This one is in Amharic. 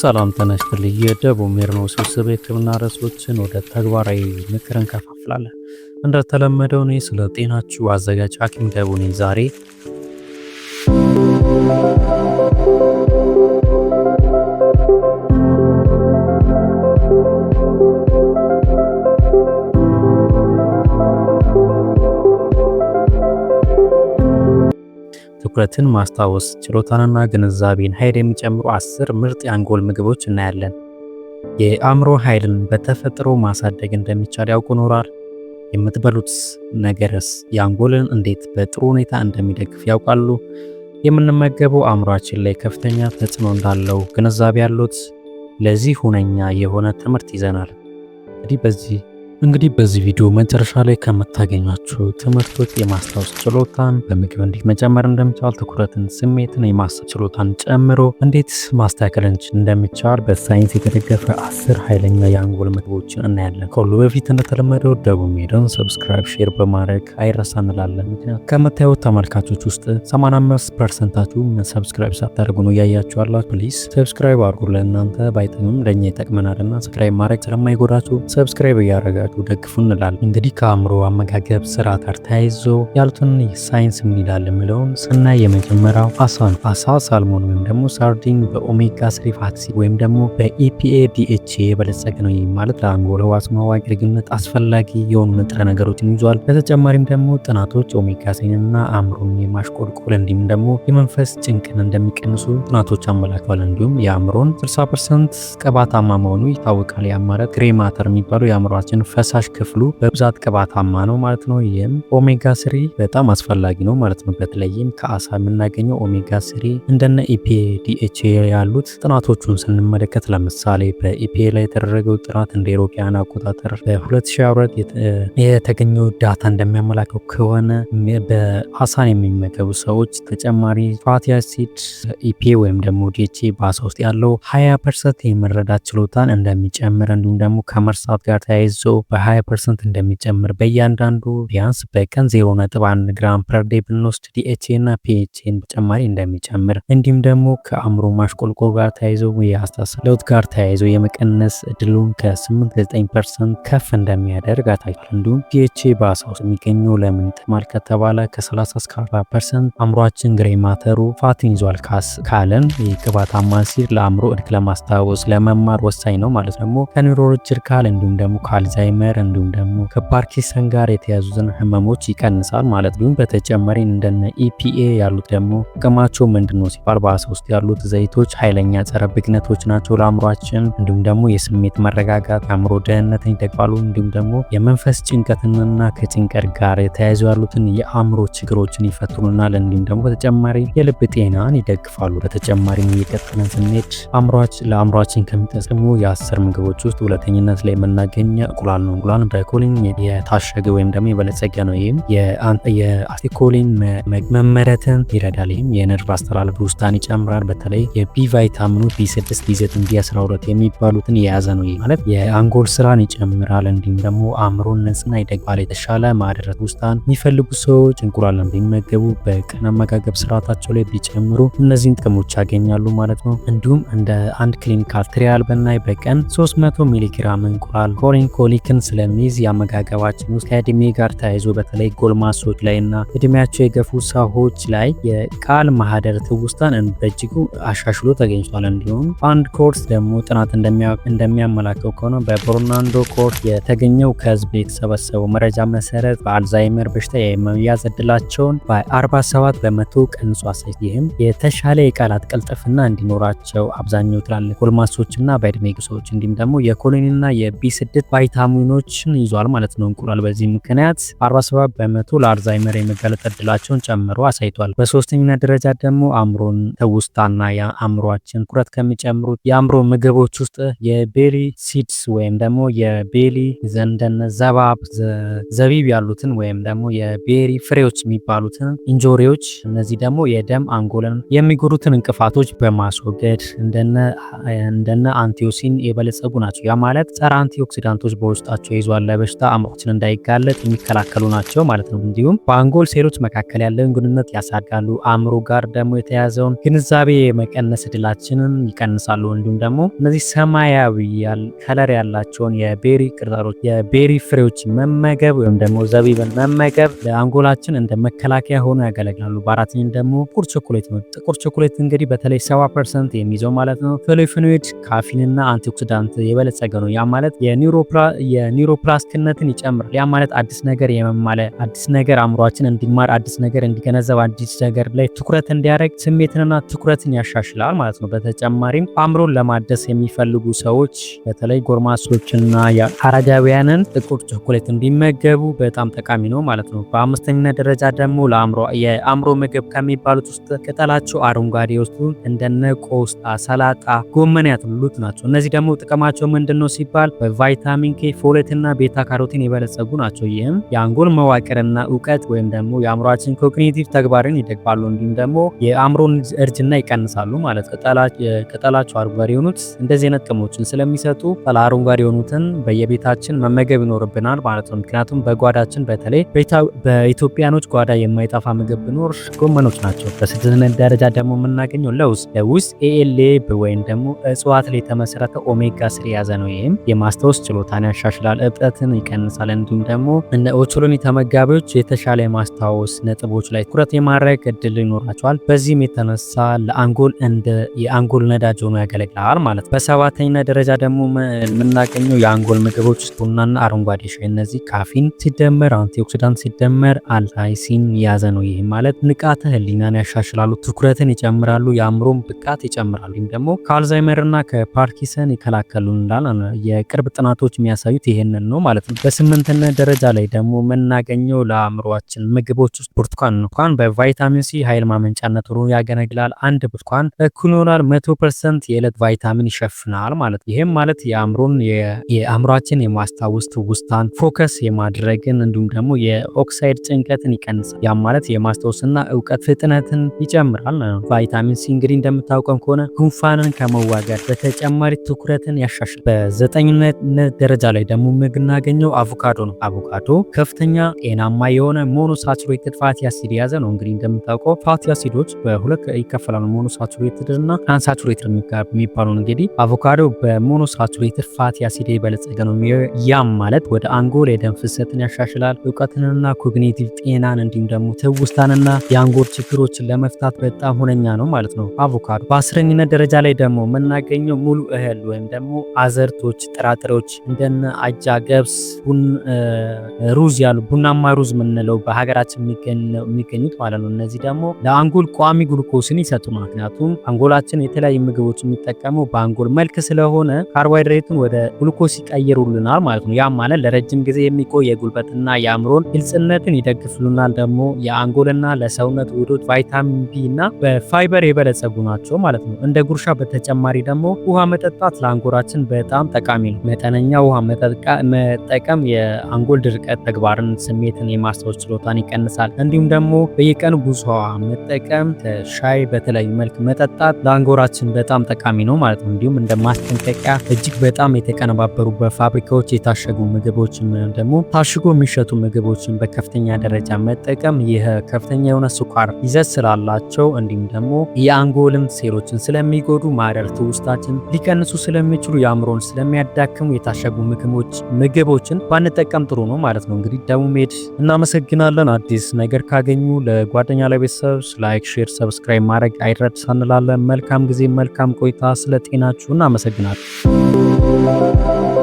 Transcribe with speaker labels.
Speaker 1: ሰላም ተነስተልኝ። የደቡብ ሜርኖ ስብስብ የህክምና ርዕሶችን ወደ ተግባራዊ ምክር እንከፋፍላለን። እንደተለመደው እኔ ስለ ጤናችሁ አዘጋጅ ሐኪም ደቡ ዛሬ ትኩረትን ማስታወስ ችሎታንና ግንዛቤን ኃይል የሚጨምሩ አስር ምርጥ የአንጎል ምግቦች እናያለን። የአእምሮ ኃይልን በተፈጥሮ ማሳደግ እንደሚቻል ያውቁ ኖራል? የምትበሉት ነገርስ የአንጎልን እንዴት በጥሩ ሁኔታ እንደሚደግፍ ያውቃሉ? የምንመገበው አእምሯችን ላይ ከፍተኛ ተጽዕኖ እንዳለው ግንዛቤ ያሉት? ለዚህ ሁነኛ የሆነ ትምህርት ይዘናል። እንግዲህ በዚህ እንግዲህ በዚህ ቪዲዮ መጨረሻ ላይ ከምታገኛቸው ትምህርቶች የማስታወስ ችሎታን በምግብ እንዴት መጨመር እንደሚቻል፣ ትኩረትን፣ ስሜትን፣ የማስታወስ ችሎታን ጨምሮ እንዴት ማስተካከል እንደሚቻል በሳይንስ የተደገፈ አስር ኃይለኛ የአንጎል ምግቦችን እናያለን። ከሁሉ በፊት እንደተለመደው ደቡብ ሜድን ሰብስክራይብ፣ ሼር በማድረግ አይረሳ እንላለን። ምክንያት ከምታዩት ተመልካቾች ውስጥ 85 ፐርሰንታችሁ ሰብስክራይብ ሳታደርጉ ነው እያያችሁ ያላችሁ። ሰብስክራይብ አድርጉ። ለእናንተ ባይጠቅምም ለእኛ ይጠቅመናልና ሰብስክራይብ ማድረግ ስለማይጎዳችሁ ሰብስክራይብ እያደረጋችሁ እንዲያነቡ ደግፉ እንላለን። እንግዲህ ከአእምሮ አመጋገብ ስራ ጋር ተያይዞ ያሉትን ሳይንስ የሚላል የሚለውን ስናይ የመጀመሪያው አሳ ነው። አሳ ሳልሞን ወይም ደግሞ ሳርዲን በኦሜጋ ስሪ ፋቲ ወይም ደግሞ በኢፒኤ ዲኤችኤ የበለጸገ ነው። ይህ ማለት ለአንጎል ህዋስ መዋቅ ግንኙነት አስፈላጊ የሆኑ ንጥረ ነገሮችን ይዟል። በተጨማሪም ደግሞ ጥናቶች ኦሜጋ ስሪንና አእምሮን የማሽቆልቆል እንዲሁም ደግሞ የመንፈስ ጭንቅን እንደሚቀንሱ ጥናቶች አመላክተዋል። እንዲሁም የአእምሮን 60 ፐርሰንት ቅባታማ መሆኑ ይታወቃል። ያ ማለት ግሬ ማተር የሚባለው የአእምሯችን ፈሳሽ ክፍሉ በብዛት ቅባታማ ነው ማለት ነው። ይህም ኦሜጋ ስሪ በጣም አስፈላጊ ነው ማለት ነው። በተለይም ከአሳ የምናገኘው ኦሜጋ ስሪ እንደነ ኢፒዲኤችኤ ያሉት ጥናቶቹን ስንመለከት ለምሳሌ በኢፒኤ ላይ የተደረገው ጥናት እንደ ኤሮፓያን አቆጣጠር በ2024 የተገኘው ዳታ እንደሚያመላከው ከሆነ በአሳን የሚመገቡ ሰዎች ተጨማሪ ፋቲ አሲድ ኢፒ ወይም ደግሞ ዲኤችኤ በአሳ ውስጥ ያለው 20 ፐርሰንት የመረዳት ችሎታን እንደሚጨምር እንዲሁም ደግሞ ከመርሳት ጋር ተያይዞ በ20 ፐርሰንት እንደሚጨምር በእያንዳንዱ ቢያንስ በቀን 0.1 ግራም ፐር ዴይ ብንወስድ ዲኤችኤ እና ፒኤችኤን በተጨማሪ እንደሚጨምር እንዲሁም ደግሞ ከአእምሮ ማሽቆልቆል ጋር ተያይዞ የአስተሳሰብ ለውጥ ጋር ተያይዞ የመቀነስ እድሉን ከ8-9 ፐርሰንት ከፍ እንደሚያደርግ አታይቷል። እንዲሁም ፒኤችኤ በአሳ ውስጥ የሚገኘው ለምን ይጠቅማል ከተባለ ከ30 እስከ 40 ፐርሰንት አእምሯችን ግሬ ማተሩ ፋትን ይዟል ካስ ካለን የቅባታማ አማሲር ለአእምሮ እድክ ለማስታወስ ለመማር ወሳኝ ነው ማለት ደግሞ ከኒውሮሎጂ ካል እንዲሁም ደግሞ ከአልዛይ አልዛይመር እንዲሁም ደግሞ ከፓርኪንሰን ጋር የተያዙትን ህመሞች ይቀንሳል ማለት ነው። በተጨማሪ እንደነ ኢፒኤ ያሉት ደግሞ ጥቅማቸው ምንድን ነው ሲባል በአሳ ውስጥ ያሉት ዘይቶች ኃይለኛ ጸረ ብግነቶች ናቸው ለአእምሯችን፣ እንዲሁም ደግሞ የስሜት መረጋጋት አእምሮ ደህንነትን ይደግፋሉ። እንዲሁም ደግሞ የመንፈስ ጭንቀትንና ከጭንቀት ጋር የተያያዙ ያሉትን የአእምሮ ችግሮችን ይፈትሩናል። እንዲሁም ደግሞ በተጨማሪ የልብ ጤናን ይደግፋሉ። በተጨማሪም እየቀጠለን ስንሄድ ለአእምሯችን ከሚጠቅሙ የአስር ምግቦች ውስጥ ሁለተኝነት ላይ የምናገኘ እንቁላል ነው። እንቁላል በኮሊን የታሸገ ወይም ደግሞ የበለጸገ ነው። ይህም የአሴትኮሊን መመረትን ይረዳል። ይህም የነርቭ አስተላለፍ ውስጣን ይጨምራል። በተለይ የቢ ቫይታሚኑ ቢ6፣ ቢ9፣ ቢ12 የሚባሉትን የያዘ ነው። ይህ ማለት የአንጎል ስራን ይጨምራል። እንዲሁም ደግሞ አእምሮን ነጽና ይደግባል። የተሻለ ማደረት ውስጣን የሚፈልጉ ሰዎች እንቁላልን ቢመገቡ በቀን አመጋገብ ስርዓታቸው ላይ ቢጨምሩ እነዚህን ጥቅሞች ያገኛሉ ማለት ነው። እንዲሁም እንደ አንድ ክሊኒካል ትሪያል በናይ በቀን 300 ሚሊግራም እንቁላል ኮሊን ኮሊክ ይዘትን ስለሚይዝ የአመጋገባችን ውስጥ ከእድሜ ጋር ተያይዞ በተለይ ጎልማሶች ላይ እና እድሜያቸው የገፉ ሰዎች ላይ የቃል ማህደር ትውስታን በእጅጉ አሻሽሎ ተገኝቷል። እንዲሁም አንድ ኮርስ ደግሞ ጥናት እንደሚያመላከው ከሆነ በቦርናንዶ ኮርስ የተገኘው ከህዝብ የተሰበሰበው መረጃ መሰረት በአልዛይመር በሽታ የመያዝ እድላቸውን በ47 በመቶ ቀንሷል። ይህም የተሻለ የቃላት ቀልጥፍና እንዲኖራቸው አብዛኛው ትላልቅ ጎልማሶችና በእድሜ ሰዎች እንዲሁም ደግሞ የኮሎኒና የቢ ስድስት ቫይታሚን ቫይታሚኖችን ይዟል ማለት ነው እንቁላል። በዚህ ምክንያት 47 በመቶ ለአልዛይመር የመጋለጥ እድላቸውን ጨምሮ አሳይቷል። በሶስተኛ ደረጃ ደግሞ አእምሮን ተውስታና የአእምሯችን ኩረት ከሚጨምሩት የአእምሮ ምግቦች ውስጥ የቤሪ ሲድስ ወይም ደግሞ የቤሊ ዘንደነ ዘባብ፣ ዘቢብ ያሉትን ወይም ደግሞ የቤሪ ፍሬዎች የሚባሉትን እንጆሪዎች፣ እነዚህ ደግሞ የደም አንጎልን የሚጎዱትን እንቅፋቶች በማስወገድ እንደነ አንቲዮሲን የበለጸጉ ናቸው። ያ ማለት ጸረ አንቲኦክሲዳንቶች በውስጣ ራሳቸው ይዟል ለበሽታ አምሮችን እንዳይጋለጥ የሚከላከሉ ናቸው ማለት ነው። እንዲሁም በአንጎል ሴሎች መካከል ያለውን ግንኙነት ያሳድጋሉ። አእምሮ ጋር ደግሞ የተያዘውን ግንዛቤ የመቀነስ እድላችንን ይቀንሳሉ። እንዲሁም ደግሞ እነዚህ ሰማያዊ ከለር ያላቸውን የቤሪ ቅርጠሮች የቤሪ ፍሬዎች መመገብ ወይም ደግሞ ዘቢብን መመገብ ለአንጎላችን እንደ መከላከያ ሆኖ ያገለግላሉ። በአራተኛ ደግሞ ጥቁር ቸኮሌት ነው። ጥቁር ቸኮሌት እንግዲህ በተለይ 70 ፐርሰንት የሚይዘው ማለት ነው ፍሌቮኖይድ፣ ካፊንና አንቲኦክሲዳንት የበለጸገ ነው። ያ ማለት የኒውሮፕላ የኒውሮፕላስቲክነትን ይጨምራል። ያ ማለት አዲስ ነገር የመማለ አዲስ ነገር አእምሯችን እንዲማር አዲስ ነገር እንዲገነዘብ አዲስ ነገር ላይ ትኩረት እንዲያደርግ ስሜትንና ትኩረትን ያሻሽላል ማለት ነው። በተጨማሪም አእምሮን ለማደስ የሚፈልጉ ሰዎች በተለይ ጎርማሶችና አረጋውያንን ጥቁር ቸኮሌት እንዲመገቡ በጣም ጠቃሚ ነው ማለት ነው። በአምስተኛ ደረጃ ደግሞ ለአእምሮ የአእምሮ ምግብ ከሚባሉት ውስጥ ቅጠላቸው አረንጓዴ ውስጡ እንደነ ቆስጣ፣ ሰላጣ፣ ጎመን ያሉት ናቸው። እነዚህ ደግሞ ጥቅማቸው ምንድን ነው ሲባል በቫይታሚን ኬ ፎሌትና ቤታ ካሮቲን የበለጸጉ ናቸው። ይህም የአንጎል መዋቅርና እውቀት ወይም ደግሞ የአእምሯችን ኮግኒቲቭ ተግባርን ይደግፋሉ። እንዲሁም ደግሞ የአእምሮን እርጅና ይቀንሳሉ ማለት ቅጠላቸው አረንጓዴ የሆኑት እንደዚህ አይነት ጥቅሞችን ስለሚሰጡ ጠላ አረንጓዴ የሆኑትን በየቤታችን መመገብ ይኖርብናል ማለት ነው። ምክንያቱም በጓዳችን በተለይ በኢትዮጵያኖች ጓዳ የማይጠፋ ምግብ ብኖር ጎመኖች ናቸው። በስድስት ደረጃ ደግሞ የምናገኘው ለውዝ ለውዝ ኤኤልኤ ወይም ደግሞ እጽዋት ላይ የተመሰረተ ኦሜጋ ስር የያዘ ነው። ይህም የማስታወስ ችሎታን ያሻሻል ያሻሽላል፣ እብጠትን ይቀንሳል። እንዲሁም ደግሞ እነ ኦቾሎኒ ተመጋቢዎች የተሻለ የማስታወስ ነጥቦች ላይ ትኩረት የማድረግ እድል ይኖራቸዋል። በዚህም የተነሳ ለአንጎል እንደ የአንጎል ነዳጅ ሆኖ ያገለግላል ማለት ነው። በሰባተኛ ደረጃ ደግሞ የምናገኘው የአንጎል ምግቦች ውስጥ ቡናና አረንጓዴ ሻይ፣ እነዚህ ካፊን ሲደመር አንቲኦክሲዳንት ሲደመር አልታይሲን የያዘ ነው። ይህ ማለት ንቃተ ህሊናን ያሻሽላሉ፣ ትኩረትን ይጨምራሉ፣ የአእምሮን ብቃት ይጨምራሉ። ወይም ደግሞ ከአልዛይመርና ከፓርኪሰን ይከላከሉናል። የቅርብ ጥናቶች የሚያሳዩት ውጤት ይሄንን ነው ማለት ነው። በስምንትነት ደረጃ ላይ ደግሞ የምናገኘው ለአእምሯችን ምግቦች ውስጥ ብርቱካን እንኳን በቫይታሚን ሲ ኃይል ማመንጫነት ሆኖ ያገለግላል። አንድ ብርቱካን በኩሎናል መቶ ፐርሰንት የዕለት ቫይታሚን ይሸፍናል ማለት ይህም ማለት የአእምሮን የአእምሯችን የማስታወስ ትውስታን ፎከስ የማድረግን እንዲሁም ደግሞ የኦክሳይድ ጭንቀትን ይቀንሳል። ያም ማለት የማስታወስና እውቀት ፍጥነትን ይጨምራል። ቫይታሚን ሲ እንግዲህ እንደምታውቀም ከሆነ ጉንፋንን ከመዋጋት በተጨማሪ ትኩረትን ያሻሻል። በዘጠኝነት ደረጃ ላይ ደግሞ የምናገኘው አቮካዶ ነው። አቮካዶ ከፍተኛ ጤናማ የሆነ ሞኖሳቹሬትድ ፋቲ አሲድ የያዘ ነው። እንግዲህ እንደምታውቀው ፋቲ አሲዶች በሁለት ይከፈላሉ፣ ሞኖሳቹሬትድ እና አንሳቹሬትድ የሚባሉ እንግዲህ አቮካዶ በሞኖሳቹሬትድ ፋቲ አሲድ የበለጸገ ነው። ያም ማለት ወደ አንጎል የደም ፍሰትን ያሻሽላል፣ እውቀትንና ኮግኒቲቭ ጤናን እንዲሁም ደግሞ ትውስታንና የአንጎል ችግሮችን ለመፍታት በጣም ሁነኛ ነው ማለት ነው አቮካዶ። በአስረኝነት ደረጃ ላይ ደግሞ የምናገኘው ሙሉ እህል ወይም ደግሞ አዘርቶች፣ ጥራጥሬዎች እንደነ አጃ፣ ገብስ፣ ሩዝ ያሉ ቡናማ ሩዝ የምንለው በሀገራችን የሚገኙት ማለት ነው። እነዚህ ደግሞ ለአንጎል ቋሚ ግሉኮስን ይሰጡናል። ምክንያቱም አንጎላችን የተለያዩ ምግቦች የሚጠቀመው በአንጎል መልክ ስለሆነ ካርቦሃይድሬቱን ወደ ግሉኮስ ይቀይሩልናል ማለት ነው። ያም ማለት ለረጅም ጊዜ የሚቆይ የጉልበትና የአእምሮን ግልጽነትን ይደግፍሉናል። ደግሞ የአንጎልና ለሰውነት ውህዶች ቫይታሚን ቢ እና በፋይበር የበለጸጉ ናቸው ማለት ነው። እንደ ጉርሻ በተጨማሪ ደግሞ ውሃ መጠጣት ለአንጎራችን በጣም ጠቃሚ ነው። መጠነኛ ውሃ መጠጥ መጠቀም የአንጎል ድርቀት ተግባርን፣ ስሜትን የማስታወስ ችሎታን ይቀንሳል። እንዲሁም ደግሞ በየቀኑ ብዙ ውሃ መጠቀም፣ ሻይ በተለያዩ መልክ መጠጣት ለአንጎራችን በጣም ጠቃሚ ነው ማለት ነው። እንዲሁም እንደ ማስጠንቀቂያ እጅግ በጣም የተቀነባበሩ በፋብሪካዎች የታሸጉ ምግቦችን ደግሞ ታሽጎ የሚሸጡ ምግቦችን በከፍተኛ ደረጃ መጠቀም ይህ ከፍተኛ የሆነ ስኳር ይዘት ስላላቸው እንዲሁም ደግሞ የአንጎልም ሴሎችን ስለሚጎዱ ማደር ትውስታችን ሊቀንሱ ስለሚችሉ የአእምሮን ስለሚያዳክሙ የታሸጉ ምግቦች ነገሮች ምግቦችን ባንጠቀም ጥሩ ነው ማለት ነው። እንግዲህ ደቡብ ሜድ እናመሰግናለን። አዲስ ነገር ካገኙ ለጓደኛ ለቤተሰብ ላይክ፣ ሼር፣ ሰብስክራይብ ማድረግ አይረሳ እንላለን። መልካም ጊዜ፣ መልካም ቆይታ። ስለ ጤናችሁ እናመሰግናለን።